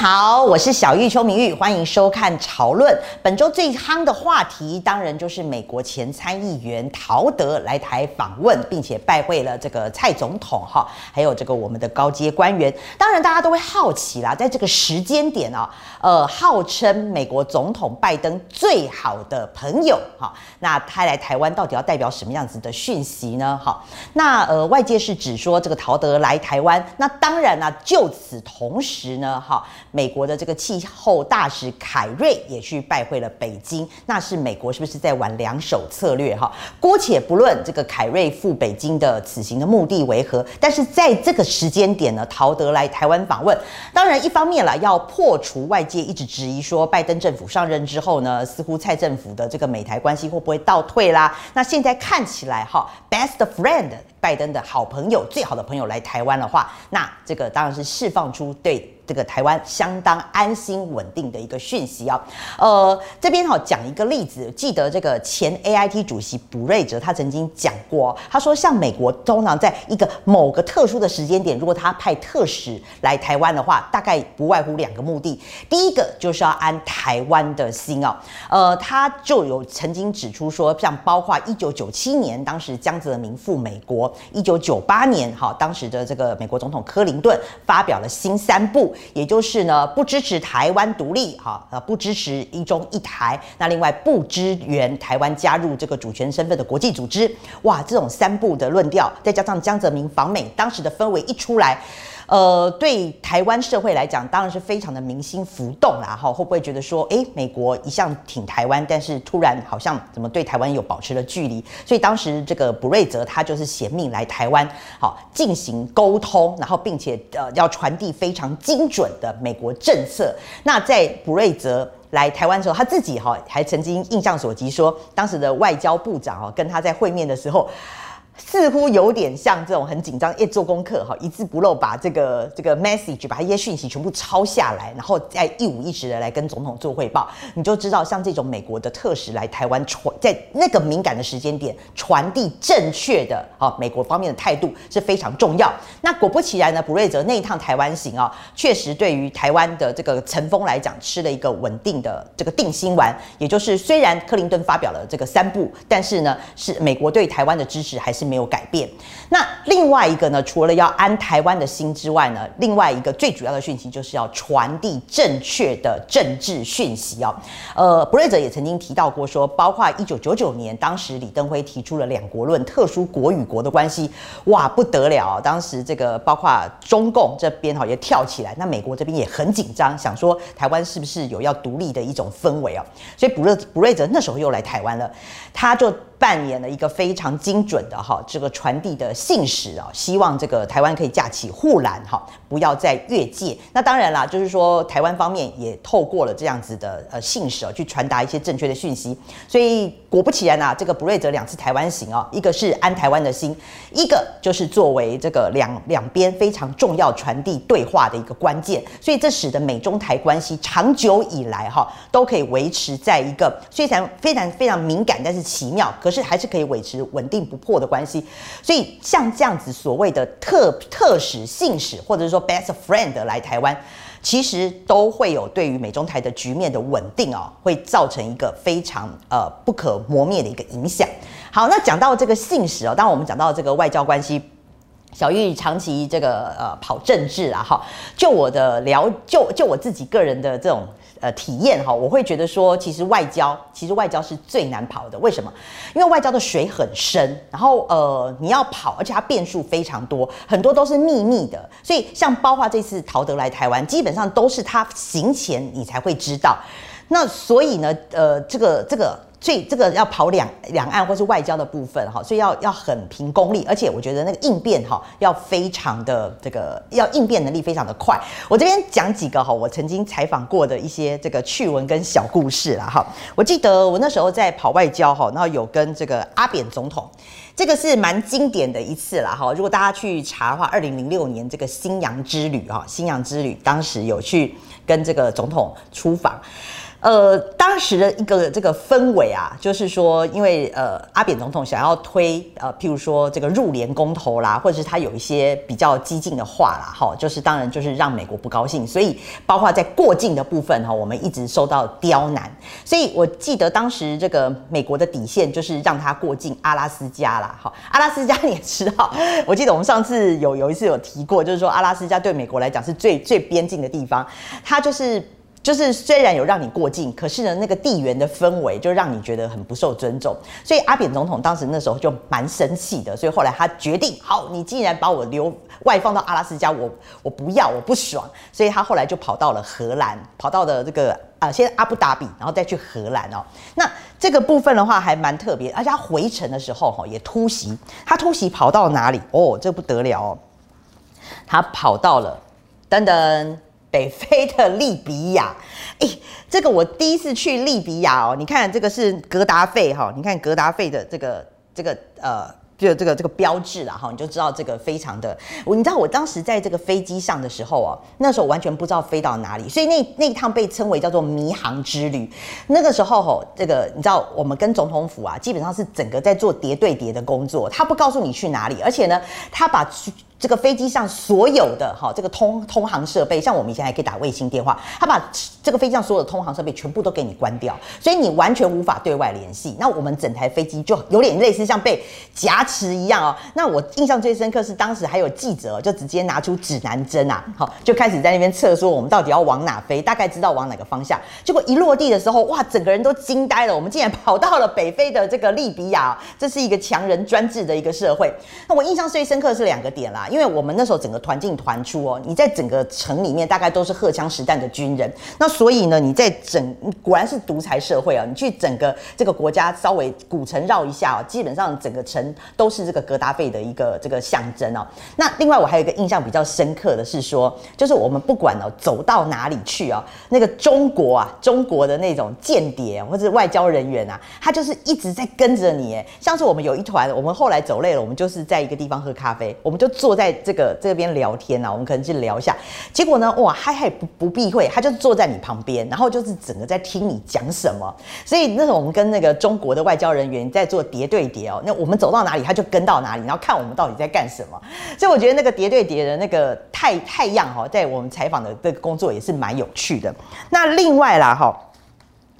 好，我是小玉邱明玉，歡迎收看《潮論》。本周最夯的話題，當然就是美國前參議員陶德來台訪問，並且拜會了這個蔡總統哈，還有這個我們的高階官員。當然，大家都會好奇啦，在這個時間點啊，呃，號稱美國總統拜登最好的朋友哈，那他來台灣到底要代表什麼樣子的訊息呢？哈，那呃，外界是指說這個陶德來台灣，那當然呢，啊，就此同時呢，哈。美國的這個氣候大使凱瑞也去拜會了北京，那是美國是不是在玩兩手策略哈？姑且不論這個凱瑞赴北京的此行的目的為何，但是在這個時間點呢，陶德來台灣訪問，當然一方面啦，要破除外界一直質疑說拜登政府上任之後呢，似乎蔡政府的這個美台關係會不會倒退啦？那現在看起來哈，best friend。拜登的好朋友、最好的朋友來台灣的話，那這個當然是釋放出對這個台灣相當安心穩定的一個訊息哦、喔。呃，這邊哈講一個例子，記得這個前 AIT 主席布瑞澤他曾經講過、喔，他說像美國通常在一個某個特殊的時間點，如果他派特使來台灣的話，大概不外乎兩個目的。第一個就是要安台灣的心哦、喔。呃，他就有曾經指出說，像包括一九九七年當時江澤民赴美國。一九九八年，哈，當時的這個美國總統克林頓發表了新三不，也就是呢，不支持台灣獨立，哈，呃，不支持一中一台，那另外不支援台灣加入這個主權身份的國際組織，哇，這種三不的論調，再加上江澤民訪美，當時的氛圍一出來。呃，對台灣社會來講，當然是非常的民心浮動啦。哈，會不會覺得說，誒，美國一向挺台灣，但是突然好像怎麼對台灣有保持了距離？所以當時這個卜睿哲他就是銜命來台灣，好進行溝通，然後並且呃要傳遞非常精準的美國政策。那在卜睿哲來台灣的時候，他自己哈還曾經印象所及說，當時的外交部長跟他在會面的時候。似乎有點像這種很緊張，一、欸、做功課哈，一字不漏把這個這個 message 把一些訊息全部抄下來，然後再一五一十的來跟總統做匯報。你就知道，像這種美國的特使來台灣傳，在那個敏感的時間點傳遞正確的哈美國方面的態度是非常重要。那果不其然呢，卜睿哲那一趟台灣行哦，確實對於台灣的這個層峰來講，吃了一個穩定的這個定心丸。也就是雖然克林頓發表了這個三不，但是呢，是美國對台灣的支持還是？沒有改變。那另外一個呢？除了要安台灣的心之外呢，另外一個最主要的訊息就是要傳遞正確的政治訊息啊、哦。呃，布瑞澤也曾經提到過說，說包括一九九九年，當時李登輝提出了兩國論，特殊國與國的關係，哇，不得了、哦！當時這個包括中共這邊哈也跳起來，那美國這邊也很緊張，想說台灣是不是有要獨立的一種氛圍啊、哦？所以布瑞布瑞澤那時候又來台灣了，他就。扮演了一個非常精準的哈，這個傳遞的信使啊，希望這個台灣可以架起護欄哈，不要再越界。那當然啦，就是說台灣方面也透過了這樣子的呃信使啊去傳達一些正確的訊息。所以果不其然啊，這個布瑞澤兩次台灣行啊，一個是安台灣的心，一個就是作為這個兩兩邊非常重要傳遞對話的一個關鍵。所以這使得美中台關係長久以來哈都可以維持在一個雖然非常非常敏感，但是奇妙。可是還是可以維持穩定不破的關係，所以像這樣子所謂的特特使、信使，或者是說 best friend 來台灣，其實都會有對於美中台的局面的穩定啊、喔，會造成一個非常呃不可磨滅的一個影響。好，那講到這個信使哦、喔，當然我們講到這個外交關係，小玉長期這個呃跑政治啊哈，就我的聊，就就我自己個人的這種。呃，體驗哈，我會覺得說，其實外交，其實外交是最難跑的，為什麼？因為外交的水很深，然後呃，你要跑，而且它變數非常多，很多都是秘密的，所以像包括這次陶德來台灣，基本上都是他行前你才會知道。那所以呢，呃，這個這個。所以這個要跑兩兩岸或是外交的部分哈，所以要要很憑功力，而且我覺得那個應變哈，要非常的這個，要應變能力非常的快。我這邊講幾個哈，我曾經採訪過的一些這個趣聞跟小故事啦哈。我記得我那時候在跑外交哈，然後有跟這個阿扁總統，這個是蠻經典的一次啦哈。如果大家去查的話，二零零六年這個興揚之旅哈，興揚之旅當時有去跟這個總統出訪。呃，當時的一個這個氛圍啊，就是說，因為呃，阿扁總統想要推呃，譬如說這個入聯公投啦，或者是他有一些比較激進的話啦，哈，就是當然就是讓美國不高興，所以包括在過境的部分哈，我們一直受到刁難。所以我記得當時這個美國的底線就是讓他過境阿拉斯加啦。好，阿拉斯加你也知道，我記得我們上次有有一次有提過，就是說阿拉斯加對美國來講是最最邊境的地方，它就是。就是雖然有讓你過境，可是呢，那個地緣的氛圍就讓你覺得很不受尊重，所以阿扁總統當時那時候就蠻生氣的，所以後來他決定，好、哦，你既然把我留外放到阿拉斯加，我我不要，我不爽，所以他後來就跑到了荷蘭，跑到了這個啊、呃，先阿布達比，然後再去荷蘭哦。那這個部分的話還蠻特別，而且他回程的時候哈、哦、也突襲，他突襲跑到哪裡？哦，這不得了、哦，他跑到了等等。登登北非的利比亞，哎、欸，這個我第一次去利比亞哦，你看這個是格達費哈，你看格達費的這個這個呃，這這個這個標誌了哈，你就知道這個非常的。我你知道我當時在這個飛機上的時候哦，那時候完全不知道飛到哪裡，所以那那一趟被稱為叫做迷航之旅。那個時候哦，這個你知道我們跟總統府啊，基本上是整個在做諜對諜的工作，他不告訴你去哪裡，而且呢，他把這個飛機上所有的哈，這個通通航設備，像我們以前還可以打衛星電話，他把這個飛機上所有的通航設備全部都給你關掉，所以你完全無法對外聯繫。那我們整台飛機就有點類似像被挾持一樣哦、喔。那我印象最深刻是當時還有記者就直接拿出指南針啊，好，就開始在那邊測，說我們到底要往哪飛，大概知道往哪個方向。結果一落地的時候，哇，整個人都驚呆了，我們竟然跑到了北非的這個利比亞，這是一個強人專制的一個社會。那我印象最深刻是兩個點啦。因為我們那時候整個團進團出哦，你在整個城裡面大概都是荷槍實彈的軍人，那所以呢，你在整你果然是獨裁社會啊，你去整個這個國家稍微古城繞一下哦，基本上整個城都是這個格達費的一個這個象徵哦。那另外我還有一個印象比較深刻的是說，就是我們不管哦走到哪裡去哦，那個中國啊中國的那種間諜或者外交人員啊，他就是一直在跟着你哎。像是我們有一團，我們後來走累了，我們就是在一個地方喝咖啡，我們就坐。在這個這邊聊天呢、啊，我們可能去聊一下，結果呢，哇，嗨還不不避諱，他就坐在你旁邊，然後就是整個在聽你講什麼。所以那時候我們跟那個中國的外交人員在做諜對諜哦，那我們走到哪裡他就跟到哪裡，然後看我們到底在幹什麼。所以我覺得那個諜對諜的那個太太陽哈，在我們採訪的這個工作也是蠻有趣的。那另外啦哈，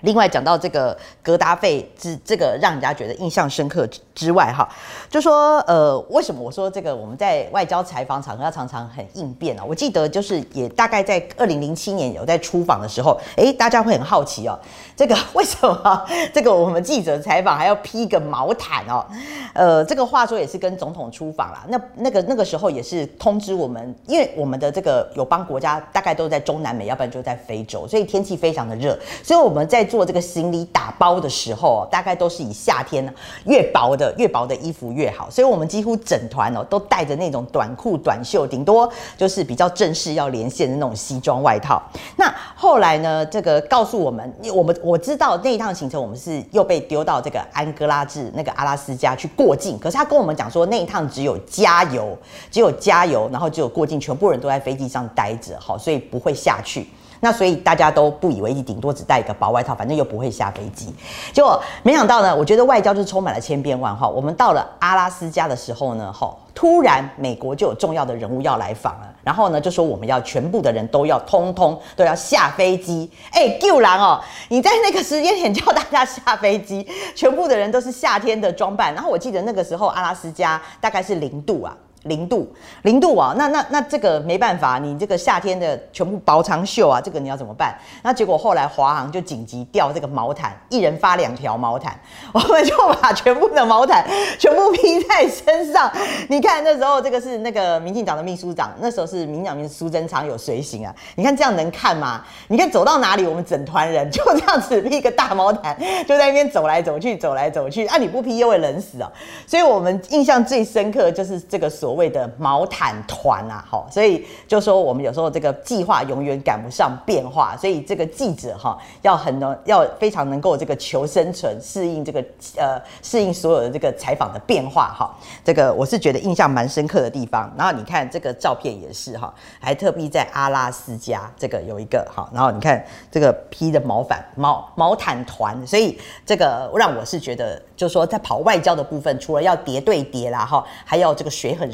另外講到這個格達費這這個讓人家覺得印象深刻。之外哈，就說呃，為什麼我說這個？我們在外交採訪場合要常常很應變啊。我記得就是也大概在二零零七年有在出訪的時候，哎、欸，大家會很好奇哦、喔，這個為什麼這個我們記者採訪還要披一個毛毯哦、喔？呃，這個話說也是跟總統出訪啦。那那個那個時候也是通知我們，因為我們的這個友邦國家大概都在中南美，要不然就在非洲，所以天氣非常的熱。所以我們在做這個行李打包的時候，大概都是以夏天越薄的。越薄的衣服越好，所以我們幾乎整團哦、喔、都帶着那種短褲、短袖，頂多就是比較正式要連線的那種西裝外套。那後來呢，這個告訴我們，我們我知道那一趟行程，我們是又被丟到這個安哥拉治那個阿拉斯加去過境，可是他跟我們講說那一趟只有加油，只有加油，然後只有過境，全部人都在飛機上待着，好，所以不會下去。那所以大家都不以為意，頂多只帶一個薄外套，反正又不會下飛機。結果沒想到呢，我覺得外交就是充滿了千變萬化。我們到了阿拉斯加的時候呢，吼，突然美國就有重要的人物要來訪了，然後呢就說我們要全部的人都要通通都要下飛機。哎，救人哦，你在那個時間點叫大家下飛機，全部的人都是夏天的裝扮。然後我記得那個時候阿拉斯加大概是零度啊。零度，零度啊，那那那這個沒辦法，你這個夏天的全部薄長袖啊，這個你要怎麼辦？那結果後來華航就緊急調這個毛毯，一人發兩條毛毯，我們就把全部的毛毯全部披在身上。你看那時候這個是那個民進黨的秘書長，那時候是民講民蘇貞昌有隨行啊。你看這樣能看嗎？你看走到哪裡，我們整團人就這樣子披一個大毛毯，就在那邊走來走去，走來走去。啊，你不披又會冷死啊。所以，我們印象最深刻就是這個所謂。位的毛毯團啊，好，所以就說我們有時候這個計劃永遠趕不上變化，所以這個記者哈要很能要非常能夠這個求生存，適應這個呃適應所有的這個採訪的變化哈。這個我是覺得印象蠻深刻的地方。然後你看這個照片也是哈，還特別在阿拉斯加這個有一個哈，然後你看這個披的毛毯毛毛毯團，所以這個讓我是覺得就是說在跑外交的部分，除了要疊對疊啦哈，還要這個水很。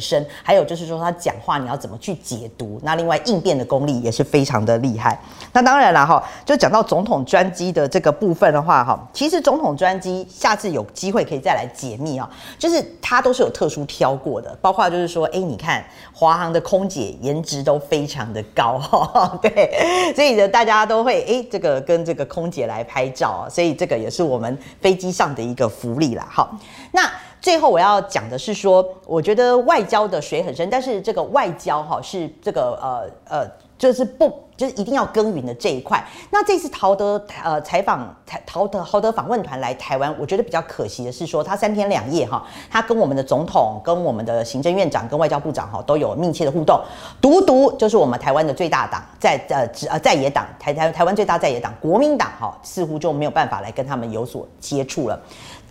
還有就是說他講話你要怎麼去解讀？那另外應變的功力也是非常的厲害。那當然了哈，就講到總統專機的這個部分的話哈，其實總統專機下次有機會可以再來解密啊，就是他都是有特殊挑過的，包括就是說，哎、欸，你看華航的空姐顏值都非常的高哈，對，所以呢大家都會哎、欸，這個跟這個空姐來拍照，所以這個也是我們飛機上的一個福利了哈。那。最後我要講的是說，我覺得外交的水很深，但是這個外交哈是這個呃呃，就是不就是一定要耕耘的這一塊。那這次陶德呃採訪陶德陶德訪問團來台灣，我覺得比較可惜的是說，他三天兩夜哈，他跟我們的總統、跟我們的行政院長、跟外交部長哈都有密切的互動，獨獨就是我們台灣的最大黨在呃在野黨台台台灣最大在野黨國民黨哈，似乎就沒有辦法來跟他們有所接觸了。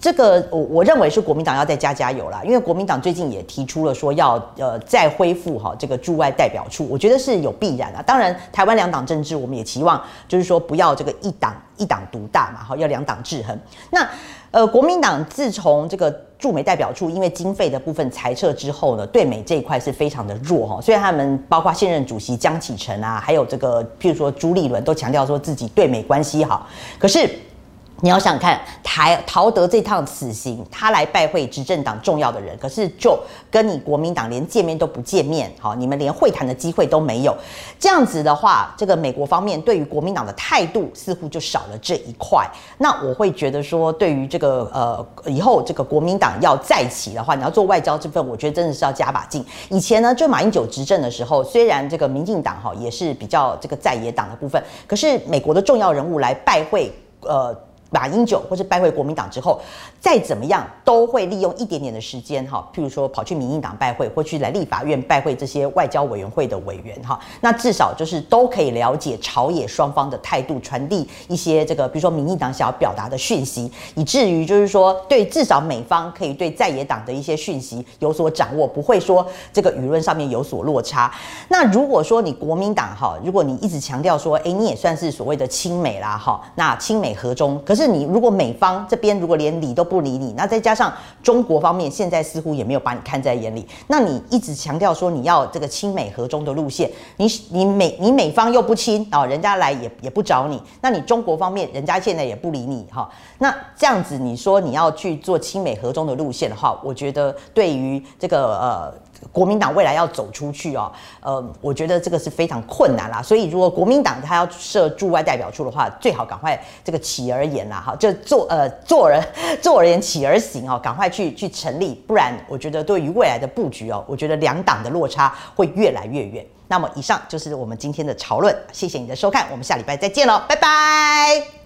這個我我認為是國民黨要再加加油啦，因為國民黨最近也提出了說要呃再恢復哈這個駐外代表處，我覺得是有必然啊。當然，台灣兩黨政治我們也期望就是說不要這個一黨一黨獨大嘛，哈，要兩黨制衡。那呃國民黨自從這個駐美代表處因為經費的部分裁撤之後呢，對美這一塊是非常的弱哈。所以他們包括現任主席江啟臣啊，還有這個譬如說朱立倫都強調說自己對美關係好，可是。你要想看，台陶德這趟此行，他來拜會執政黨重要的人，可是就跟你國民黨連見面都不見面，好，你們連會談的機會都沒有。這樣子的話，這個美國方面對於國民黨的態度似乎就少了這一塊。那我會覺得說，對於這個呃，以後這個國民黨要再起的話，你要做外交這份，我覺得真的是要加把勁。以前呢，就馬英九執政的時候，雖然這個民進黨哈也是比較這個在野黨的部分，可是美國的重要人物來拜會，呃。馬英九或是拜會國民黨之後，再怎麼樣都會利用一點點的時間哈，譬如說跑去民進黨拜會，或去來立法院拜會這些外交委員會的委員哈，那至少就是都可以了解朝野雙方的態度，傳遞一些這個，比如說民進黨想要表達的訊息，以至於就是說對至少美方可以對在野黨的一些訊息有所掌握，不會說這個輿論上面有所落差。那如果說你國民黨哈，如果你一直強調說，誒、欸，你也算是所謂的親美啦哈，那親美和中可是。是你如果美方這邊如果連理都不理你，那再加上中國方面現在似乎也沒有把你看在眼裡，那你一直強調說你要這個親美和中的路線，你你美你美方又不親啊，人家來也也不找你，那你中國方面人家現在也不理你哈，那這樣子你說你要去做親美和中的路線的話，我覺得對於這個呃國民黨未來要走出去哦，呃，我覺得這個是非常困難啦。所以如果國民黨他要設駐外代表處的話，最好趕快這個起而言好，就做呃，做人做人起而行哦，趕快去去成立，不然我覺得對於未來的布局哦，我覺得兩黨的落差會越來越遠。那麼以上就是我們今天的潮論，謝謝你的收看，我們下禮拜再見嘍，拜拜。